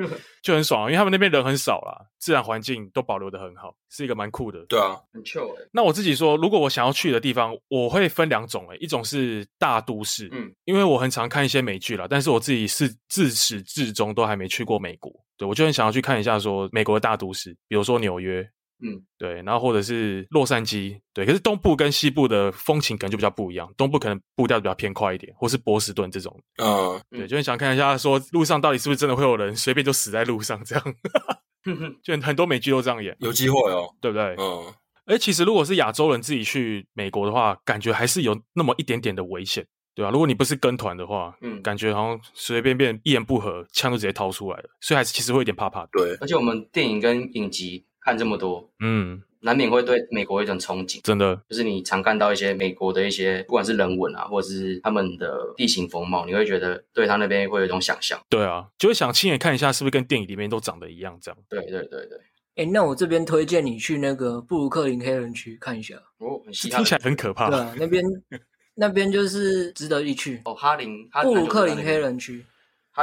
就很爽，啊。因為他們那邊人很少啦，自然環境都保留的很好，是一個蠻酷的。對啊，很 c 那我自己說，如果我想要去的地方，我會分兩種誒、欸，一種是大都市，嗯，因為我很常看一些美劇啦，但是我自己是自始至終都還沒去過美國，對，我就很想要去看一下說美國的大都市，比如說紐約。嗯，對，然後或者是洛杉磯，對，可是東部跟西部的風情可能就比較不一樣，東部可能步調比較偏快一點，或是波士頓這種，嗯，嗯對，就很想看一下說，說路上到底是不是真的會有人隨便就死在路上這樣， 就很多美劇都這樣演，有機會哦，對不對？嗯，哎，其實如果是亞洲人自己去美國的話，感覺還是有那麼一點點的危險，對吧、啊？如果你不是跟團的話，嗯，感覺好像隨隨便便一言不合，槍都直接掏出來了，所以還是其實會有點怕怕的。對，而且我們電影跟影集。看這麼多，嗯，難免會對美國有一種憧憬。真的，就是你常看到一些美國的一些，不管是人文啊，或者是他們的地形風貌，你會覺得對他那邊會有一種想象。對啊，就會想親眼看一下，是不是跟電影裡面都長得一樣這樣。對對對對、哎、欸，那我這邊推薦你去那個布魯克林黑人區看一下。哦，很聽起來很可怕。對、啊，那邊 那邊就是值得一去。哦，哈林，布魯克林黑人區。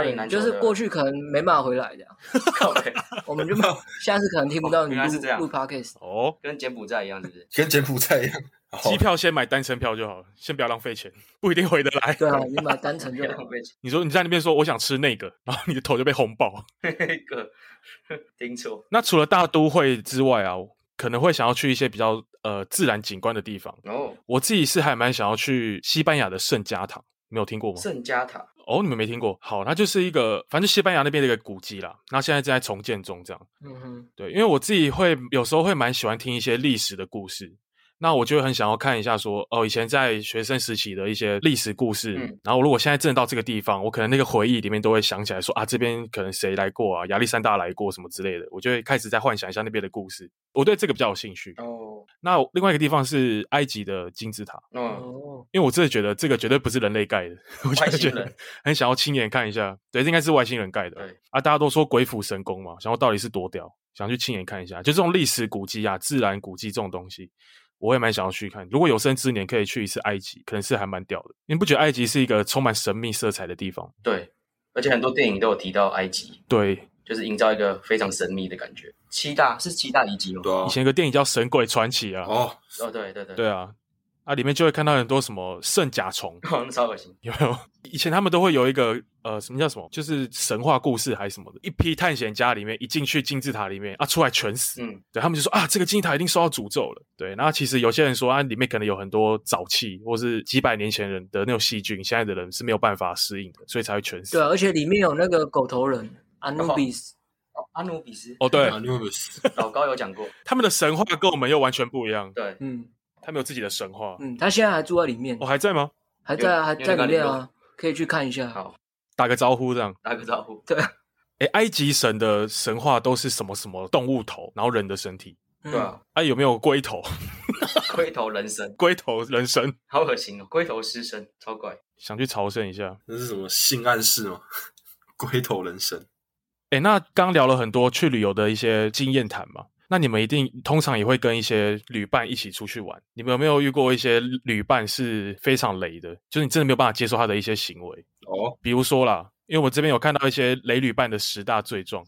嗯、就是過去可能沒辦法回來這樣， 靠北 我們就沒下次，可能聽不到你。你。 原來是這樣。不，Parkes 哦，跟柬埔寨一樣，是不是？跟柬埔寨一樣，機 票先買單程票就好了，先不要浪費錢，不一定回得來。對啊，你買單程就 浪費錢。你說你在那邊說我想吃那個，然後你的頭就被轟爆。個， 聽錯。那除了大都會之外啊，可能會想要去一些比較呃自然景觀的地方。哦、oh.，我自己是還蠻想要去西班牙的聖家堂，沒有聽過嗎？聖家塔。哦，你們沒聽過？好，它就是一個，反正西班牙那邊的一個古蹟啦，那現在正在重建中，這樣。嗯哼，對，因為我自己會有時候會蠻喜歡聽一些歷史的故事。那我就會很想要看一下說，說哦，以前在學生時期的一些歷史故事。嗯、然後，如果現在正到這個地方，我可能那個回憶裡面都會想起來說，說啊，這邊可能誰來過啊？亞歷山大來過什麼之類的。我就會開始再幻想一下那邊的故事。我對這個比較有興趣。哦，那另外一個地方是埃及的金字塔。嗯、哦，因為我真的覺得這個絕對不是人類蓋的， 我就覺得很想要親眼看一下。對，這應該是外星人蓋的。對、哎、啊，大家都說鬼斧神工嘛，想要到底是多屌，想去親眼看一下。就這種歷史古蹟啊，自然古蹟這種東西。我也蠻想要去看，如果有生之年可以去一次埃及，可能是還蠻屌的。你不覺得埃及是一個充滿神秘色彩的地方？對，而且很多電影都有提到埃及，對，就是營造一個非常神秘的感覺。七大是七大遺蹟嗎？對啊，以前有個電影叫《神鬼傳奇》啊，哦，哦，對對對對，對，對啊。啊，裡面就會看到很多什麼聖甲蟲，哦、超噁心，有沒有？以前他們都會有一個呃，什麼叫什麼？就是神話故事還是什麼的？一批探險家裡面一進去金字塔裡面啊，出來全死。嗯，對他們就說啊，這個金字塔一定受到詛咒了。對，然後其實有些人說啊，裡面可能有很多沼氣，或是幾百年前人的那種細菌，現在的人是沒有辦法適應的，所以才會全死。對，而且裡面有那個狗頭人阿努比斯，哦、阿努比斯，哦，對，阿努比斯， 老高有講過，他們的神話跟我們又完全不一樣。對，嗯。他沒有自己的神話。嗯，他現在還住在裡面。我、哦、還在嗎？還在啊，還在裡面啊，可以去看一下。好，打個招呼，這樣打個招呼。對，哎、欸，埃及神的神話都是什麼什麼動物頭，然後人的身體。對啊，哎、啊，有沒有龜頭？龜頭人身，龜 頭人身，好噁心哦，龜頭獅身，超怪。想去朝聖一下，這是什麼性暗示嗎？龜頭人身。哎、欸，那剛，剛聊了很多去旅遊的一些經驗談嘛。那你們一定通常也會跟一些旅伴一起出去玩，你們有沒有遇過一些旅伴是非常雷的？就是你真的沒有辦法接受他的一些行為哦。Oh. 比如說啦，因為我這邊有看到一些雷旅伴的十大罪狀，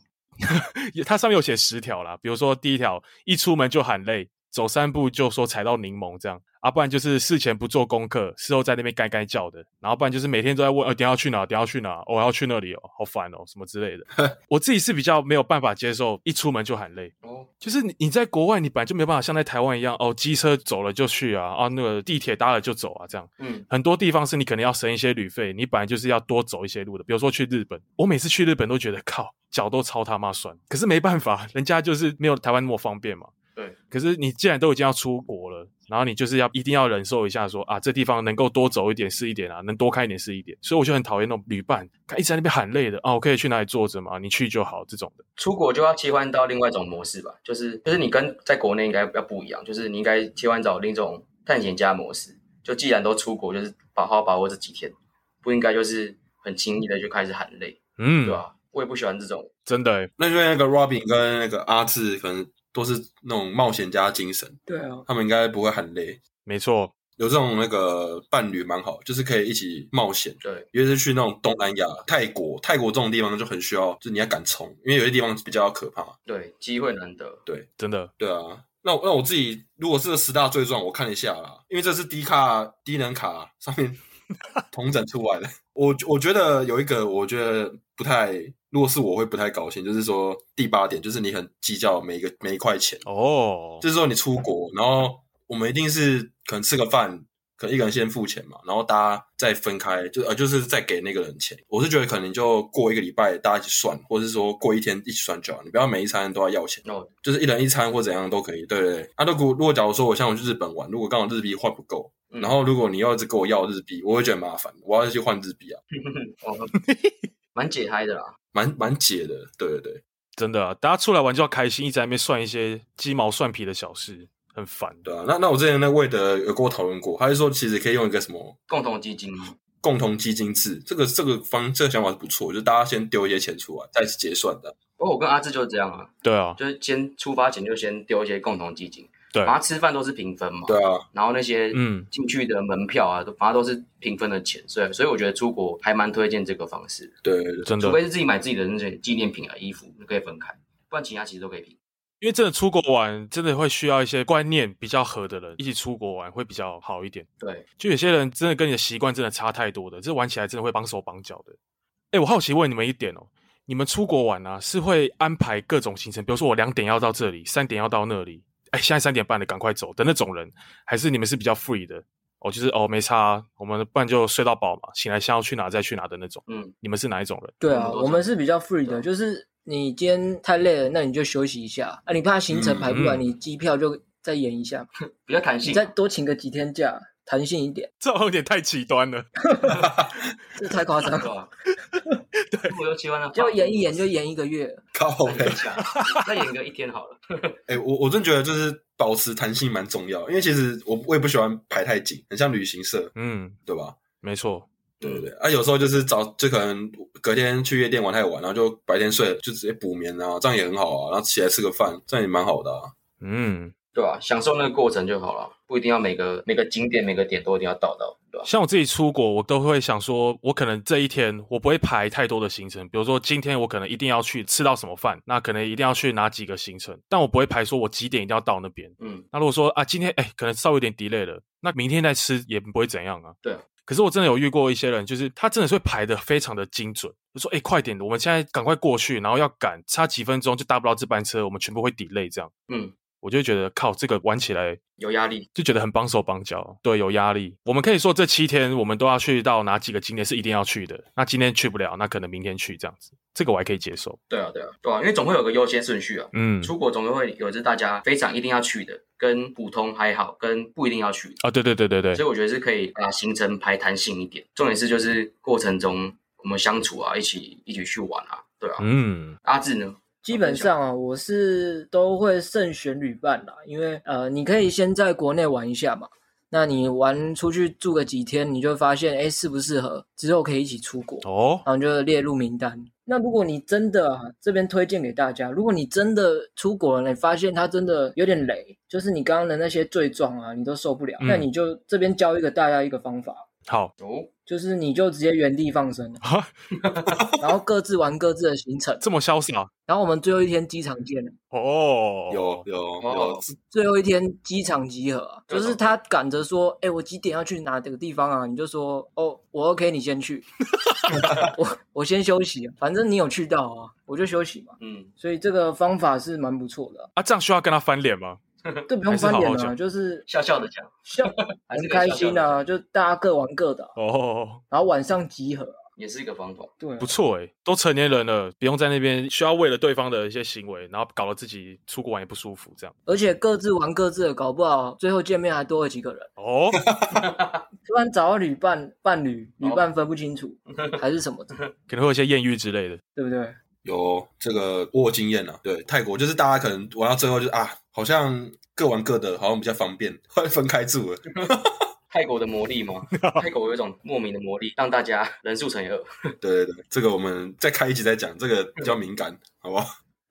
它 上面有寫十條啦，比如說第一條，一出門就喊累。走三步就說踩到檸檬這樣啊，不然就是事前不做功課，事後在那邊該該叫的，然後不然就是每天都在問，呃，你要去哪？你要去哪？哦，我要去那裡哦，好煩哦，什麼之類的。 我自己是比較沒有辦法接受，一出門就喊累。哦，就是你在國外，你本來就沒辦法像在台灣一樣，哦，機車走了就去啊，啊，那個地鐵搭了就走啊，這樣。嗯，很多地方是你可能要省一些旅費，你本來就是要多走一些路的。比如說去日本，我每次去日本都覺得靠腳都超他媽酸，可是沒辦法，人家就是沒有台灣那麼方便嘛。對，可是你既然都已經要出國了，然後你就是要一定要忍受一下說，說啊，這地方能夠多走一點是一點啊，能多看一點是一點。所以我就很討厭那種旅伴，一直在那邊喊累的啊，我可以去哪裡坐着嗎？你去就好，這種的。出國就要切換到另外一種模式吧，就是就是你跟在國內應該要不一樣，就是你應該切換找另一種探險家模式。就既然都出國，就是好好把握這幾天，不應該就是很輕易的就開始喊累，嗯，對吧？我也不喜歡這種，真的、欸。那就為那個 Robin 跟那個阿智可能。都是那種冒險家精神，對啊，他們應該不會很累，沒錯，有這種那個伴侶蠻好，就是可以一起冒險，對，尤其是去那種東南亞、泰國、泰國這種地方，就很需要，就你要敢衝，因為有些地方比較可怕，對，機會難得，對，真的，對啊，那那我自己如果是十大罪狀，我看一下啦，因為這是 D 卡低能卡上面 統整出來的，我我覺得有一個，我覺得不太。如果是我會不太高興，就是說第八點就是你很計較每一個每一塊錢哦，oh. 就是說你出國，然後我們一定是可能吃個飯，可能一個人先付錢嘛，然後大家再分開就呃，就是再給那個人錢。我是覺得可能就過一個禮拜大家一起算，或者是說過一天一起算就好，你不要每一餐都要要錢哦，oh. 就是一人一餐或怎樣都可以。對不對，啊，如果如果假如說我像我去日本玩，如果剛好日幣換不夠、嗯，然後如果你要一直跟我要日幣，我會覺得麻煩，我要去換日幣啊。哦，蠻解嗨的啦。蠻蠻解的，對對對，真的啊！大家出來玩就要開心，一直在那邊算一些雞毛蒜皮的小事，很煩，對啊。那那我之前那位的有跟我討論過，他就說其實可以用一個什麼共同基金、共同基金制，這個這個方這個想法是不錯，就大家先丟一些錢出來，再一次結算的。不過我跟阿智就是這樣啊，對啊，就是先出發前就先丟一些共同基金。對，反正吃飯都是平分嘛，對啊，然後那些嗯進去的門票啊，反正都是平分的錢，所以所以我覺得出國還蠻推薦這個方式，對，真的，除非是自己買自己的那些紀念品啊、衣服，你可以分開，不然其他其實都可以平。因為真的出國玩，真的會需要一些觀念比較合的人一起出國玩會比較好一點。對，就有些人真的跟你的習慣真的差太多的，這玩起來真的會綁手綁腳的。哎，我好奇問你們一點哦，你們出國玩啊，是會安排各種行程，比如說我兩點要到這裡，三點要到那裡。哎，現在三點半了，趕快走的那種人，還是你們是比較 free 的？哦，就是哦，沒差、啊，我們不然就睡到飽嘛，醒來想要去哪兒再去哪兒的那種。嗯，你們是哪一種人？對啊，我們是比較 free 的，就是你今天太累了，那你就休息一下。啊你怕行程排不完，嗯、你機票就再延一下，嗯、比較彈性、啊，你再多請個幾天假，彈性一點。這有點太極端了， 這太誇張了。 對，我就喜歡啊，就演一演，就演一個月，剛好勉強， 再演個一天好了。哎、 欸，我我真覺得就是保持彈性蠻重要，因為其實我我也不喜歡排太緊，很像旅行社，嗯，對吧？沒錯，對對對。啊，有時候就是早，就可能隔天去夜店玩太晚，然後就白天睡了，就直接補眠啊，這樣也很好啊。然後起來吃個飯，這樣也蠻好的、啊。嗯，對吧、啊？享受那個過程就好了。不一定要每個每個景點每個點都一定要到到，對吧？像我自己出國，我都會想說，我可能這一天我不會排太多的行程。比如說今天我可能一定要去吃到什麼飯，那可能一定要去哪幾個行程，但我不會排說我幾點一定要到那邊。嗯，那如果說啊今天哎可能稍微有點 delay 了，那明天再吃也不會怎樣啊。對。可是我真的有遇過一些人，就是他真的是會排得非常的精準，就說哎快點，我們現在趕快過去，然後要趕差幾分鐘就搭不到這班車，我們全部會 delay 這樣。嗯。我就覺得靠，這個玩起來有壓力，就覺得很綁手綁腳。對，有壓力。我們可以說這七天我們都要去到哪幾個景點是一定要去的。那今天去不了，那可能明天去這樣子，這個我還可以接受。對啊，對啊，對啊，因為總會有個優先順序啊。嗯，出國總會有一大家非常一定要去的，跟普通還好，跟不一定要去的啊。對對對對對。所以我覺得是可以啊，行程排彈性一點。重點是就是過程中我們相處啊，一起一起去玩啊，對啊。嗯，阿智呢？基本上啊，我是都會慎選旅伴啦，因為呃，你可以先在國內玩一下嘛、嗯。那你玩出去住個幾天，你就發現哎適不適合，之後可以一起出國哦，然後就列入名單。嗯、那如果你真的、啊、這邊推薦給大家，如果你真的出國了，你發現他真的有點雷，就是你剛剛的那些罪狀啊，你都受不了，嗯、那你就這邊教一個大家一個方法。好，哦就是你就直接原地放生了，哈，然後各自玩各自的行程，這麼瀟灑。然後我們最後一天機場見哦，有有有，最後一天機場集合啊，就是他趕着說，哎，欸，我幾點要去哪個地方啊？你就說，哦，我 OK，你先去， 我我先休息啊，反正你有去到啊，我就休息嘛。嗯，所以這個方法是蠻不錯的。啊，這樣需要跟他翻臉嗎？都 不用翻臉了好好，就是笑笑的講，笑，很開心啊。就大家各玩各的哦，啊，oh. 然後晚上集合，啊，也是一個方法。對、啊，不錯哎、欸，都成年人了，不用在那邊需要為了對方的一些行為，然後搞得自己出國玩也不舒服這樣。而且各自玩各自的，搞不好最後見面還多了幾個人哦，oh. 突然找到女伴伴侶，女伴分，分不清楚、oh. 還是什麼的， 可能會有一些豔遇之類的，對不對？有這個過經驗了、啊，對，泰國就是大家可能玩到最後就是啊。好像各玩各的，好像比較方便，會分開住 泰國的魔力嗎？ 泰國有一種莫名的魔力，讓大家人數乘以二。 對對對，這個我們再開一集再講，這個比較敏感，嗯、好不好？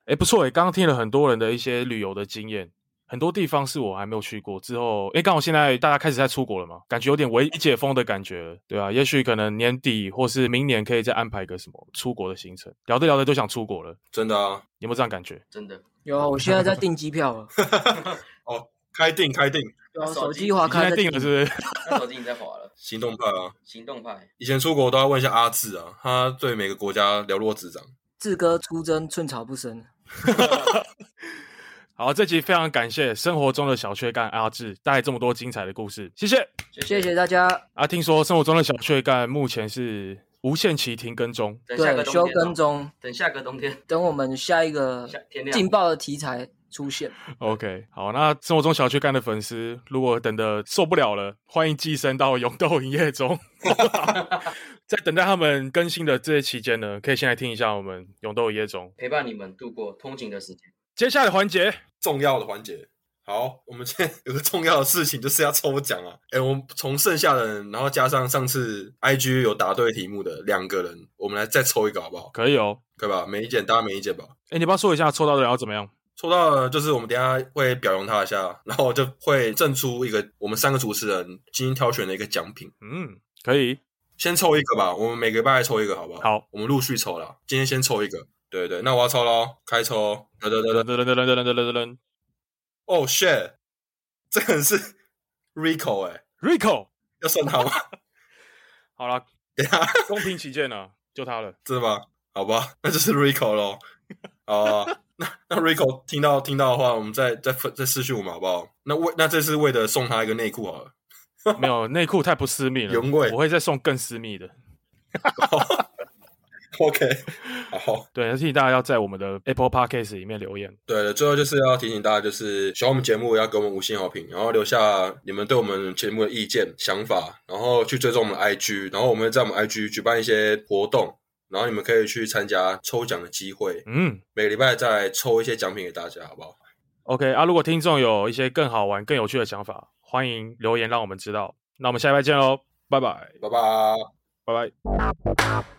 哎、欸，不錯哎、欸，剛剛聽了很多人的一些旅遊的經驗。很多地方是我還沒有去過，之後，哎，剛好現在大家開始在出國了嘛，感覺有點微解封的感覺了，對啊，也許可能年底或是明年可以再安排個什麼出國的行程，聊着聊着就想出國了，真的啊，有沒有這樣感覺？真的有、啊，我現在在訂機票了， 哦，開訂開訂、 啊，手機滑開訂了，是不是？ 手機你在滑了？行動派啊，行動派，以前出國我都要問一下阿智啊，他對每個國家了如指掌，智哥出征，寸草不生。 好，這集非常感謝生活中的小確幹阿智帶來這麼多精彩的故事，謝謝，謝謝大家啊！聽說生活中的小確幹目前是無限期停更中，等下個休更中，等下個冬天，等我們下一個勁爆的題材出現。OK，好，那生活中小確幹的粉絲如果等得受不了了，歡迎寄生到《勇鬥影業中》哈哈， 在等待他們更新的這期間呢，可以先來聽一下我們《勇鬥夜中》，陪伴你們度過通勤的時間。接下來環節。重要的環節，好，我們今天有個重要的事情，就是要抽獎啊！哎，我們從剩下的人，然後加上上次 IG 有答對題目的兩個人，我們來再抽一個好不好？可以哦，可以吧？沒意見，大家沒意見吧？哎，你幫我說一下抽到的要怎麼樣？抽到的就是我們等一下會表揚他一下，然後就會贈出一個我們三個主持人精心挑選的一個獎品。嗯，可以，先抽一個吧，我們每個禮拜抽一個，好不好？好，我們陸續抽了，今天先抽一個。對對，那我要抽囉，開抽！噔哦，shit，這個人是 Rico 哎、欸、，Rico 要送他嗎？ 好了，給他公平起見呢， 就他了，知道嗎？好吧，那就是 Rico 囉。哦、啊，那那 Rico 聽到聽到的話，我們再再再私訊我們好不好？那為那這是為了送他一個內褲好了， 沒有內褲太不私密了，永我會再送更私密的。 OK，好，對，提醒大家要在我們的 Apple Podcasts 裡面留言。對的，最後就是要提醒大家，就是喜歡我們節目要給我們五星好評，然後留下你們對我們節目的意見、想法，然後去追蹤我們 IG，然後我們在我們 IG 舉辦一些活動，然後你們可以去參加抽獎的機會。嗯，每個禮拜再抽一些獎品給大家，好不好？OK，啊，如果聽眾有一些更好玩、更有趣的想法，歡迎留言讓我們知道。那我們下一拜見下禮拜見嘍，拜拜，拜拜，拜拜。